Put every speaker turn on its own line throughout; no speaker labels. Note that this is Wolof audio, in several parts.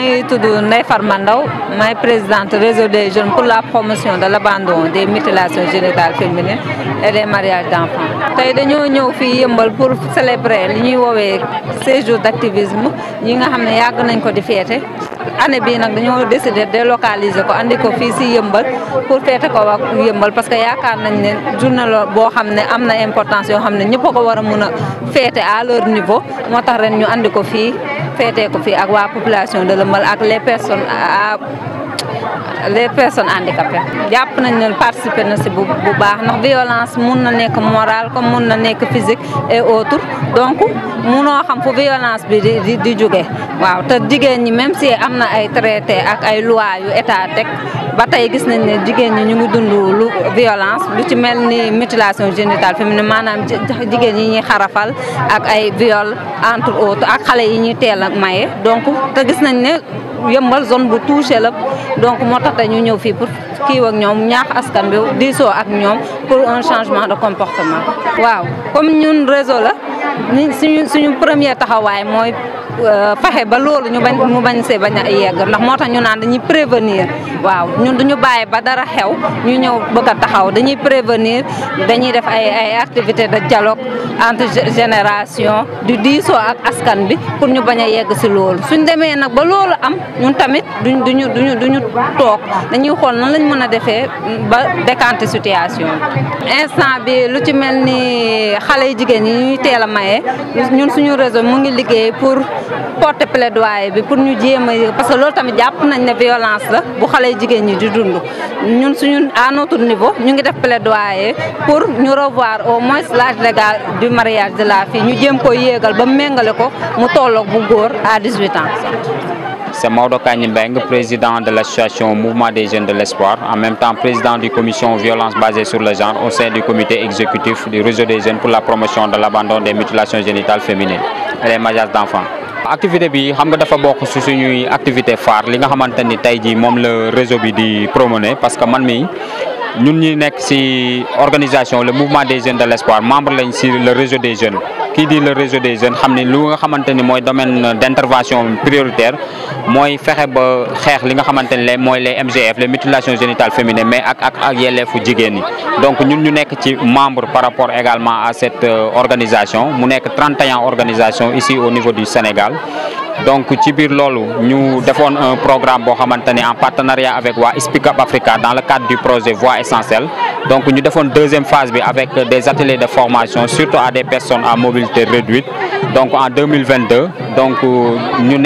maa ngi tudd Ndeye Farma Ndao maay présidente réseau des jeunes pour la promotion de l'abandon des mutilations génitales féminines et des mariages d'enfants. tey dañoo ñëw fii yëmbal pour célébrer li ñuy woowee 16 jours d'activisme ñi nga xam ne yàgg nañ ko di féete année bii nag dañoo décider délocaliser ko andi ko fii si yëmbal pour féete ko ak yëmbal parce que yaakaar nañ ne journée la boo xam ne am na importance yoo xam ne ñëpp a ko war a mun a à leur niveau moo feetee ko fii ak waa population de Lëmbël ak les personnes à les personnes handicapées jàpp nañ ne participer na si bu bu baax na violence mun na nekk morale comme mun na nekk physique et autres donc munoo xam fu violence bi di di jóge waaw te jigéen ñi même si am na ay traité ak ay loi yu état teg ba tey gis nañ ne jigéen ñi ñu ngi dund lu violence lu ci mel ni mutilation génitale féminine maanaam jigéen yi ñuy xarafal ak ay viol entre autres ak xale yi ñuy teel a maye donc te gis nañ ne yëmbal zone bu touché la donc motax tax ñu ñëw fi pour ki ak ñom ñaax askan bi diisoo ak ñom pour un changement de comportement. waaw comme ñun réseau la suñu suñu premier taxaway moy fexe euh, ba loolu ñu bañ mu bañ see bañ a yegg ndax moo tax ñu naan dañuy prévenir waaw ñun du ñu bàyyi ba dara xew ñu ñëw bëgg a taxaw dañuy prévenir dañuy def ay ay activité de dialogue entre génération du diisoo ak askan bi pour ñu bañ a yegg si loolu suñ demee nag ba loolu am ñun tamit duñ duñu duñu duñu toog dañuy xool nan lañ mën a defee ba décanter situation instant bi lu ci mel ni xale yi jigéen yi ñuy teel maye ñun suñu réseau mu ngi liggéey pour porter plaidoyer pour nous dire parce que loolu tamit jàpp nañ violence la bu xale jigéen ñi di dund ñun suñu à notre niveau nous ngi def plaidoyer pour nous revoir au moins l'âge légal du mariage de la fille ñu jéem ko yéegal ba méngale ko mu tolloog bu à 18 ans.
C'est Maudo Kanyibeng, président de l'association Mouvement des Jeunes de l'Espoir, en même temps président du commission violence basée sur le genre au sein du comité exécutif du réseau des jeunes pour la promotion de l'abandon des mutilations génitales féminines et des mariages d'enfants. activité bi xam nga dafa bokk su suñuy activité phare li nga xamante ni tey jii moom la réseau bi di promener parce que man mi Nous sommes une organisation le mouvement des jeunes de l'espoir membre du le réseau des jeunes Qui dit le réseau des jeunes nous sommes lu nga domaine d'intervention prioritaire Nous sommes ba les MGF les mutilations génitales féminines mais ak les ak donc nous sommes membre par rapport également à cette euh, organisation Nous nekk 31 organisations ici au niveau du Sénégal donc ci nous nous un programme en partenariat avec waa Speak Africa dans le cadre du projet Voix Essentielle donc nous ñu une deuxième phase avec des ateliers de formation surtout à des personnes à mobilité réduite donc en 2022 donc avons eu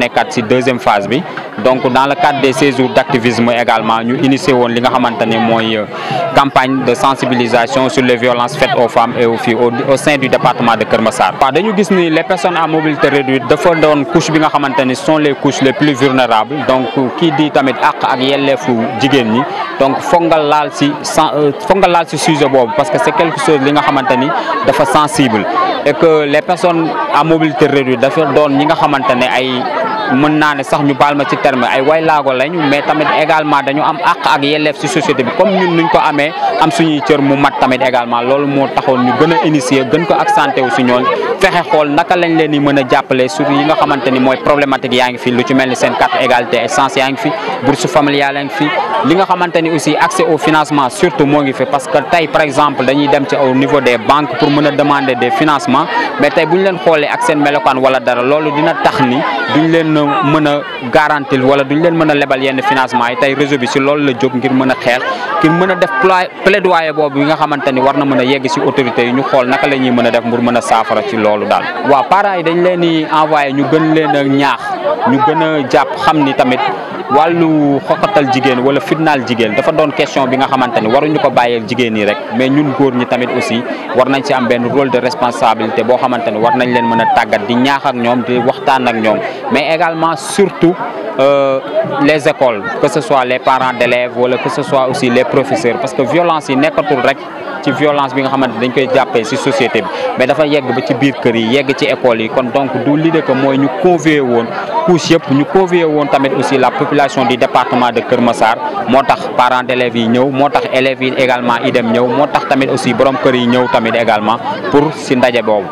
la deuxième phase bi donc dans le cadre des ces jours d'activisme également nous initié une euh, campagne de sensibilisation sur les violences faites aux femmes et aux filles au sein du département de Kermassar. les personnes à mobilité réduite de dans sont les couches les plus vulnérables donc qui euh, dit tamit ak ak yelleefu jigen ni donc foog laal ci euh, parce que c'est quelque chose li nga sensible. et que les personnes à mobilité réduite dafa doon ñi nga xamante ne ay mën naa ne sax ñu baal ma ci terme ay way laago lañu mais tamit également dañu am àq ak yelleef si société bi comme ñun nuñ ko amee am suñuy cër mu mat tamit également loolu moo taxoon ñu gën a initier gën ko ak santé wu si ñoon fexe xool naka lañ leen di mën a jàppale surtout yi nga xamante ni mooy problématique yaa ngi fi lu ci mel ni seen carte égalité et sens yaa ngi fi bourse familiale li nga xamante ni aussi accès au financement surtout moo ngi fi parce que tey par exemple dañuy dem ci au niveau des banques pour mën a demander des financements mais tey bu ñu leen xoolee ak seen melokaan wala dara loolu dina tax ni duñ leen mën a garantir wala duñ leen mën a lebal yenn financement yi tey réseau bi si loolu la jóg ngir mën a xeex ngir mën a def plaidoyer boobu yi nga xamante ni war na mën a yegg si autorités yi ñu xool naka la ñuy mën a def pour mën a a ñaax ñu gën walu xoxatal jigen wala fitnal jigen dafa don question bi nga xamanteni waruñu ko bayel jigen ni rek mais ñun goor ñi tamit aussi war nañ ci am ben rôle de responsabilité bo xamanteni war nañ leen mëna tagat di ñaax ak ñom di waxtaan ak ñom mais également surtout euh, les écoles que ce soit les parents d'élèves wala que ce soit aussi les professeurs parce que violence yi nekatul rek ci violence bi nga xamanteni dañ koy jappé ci société bi mais dafa yegg ba ci biir kër yi yegg ci école yi kon donc du l'idée que moy ñu convier won couches yëpp ñu convier woon tamit aussi la population di département de Kër Massar moo tax parents d'élèves yi ñëw moo tax élèves yi également idem ñëw moo tax tamit aussi borom kër yi ñëw tamit également pour si ndaje boobu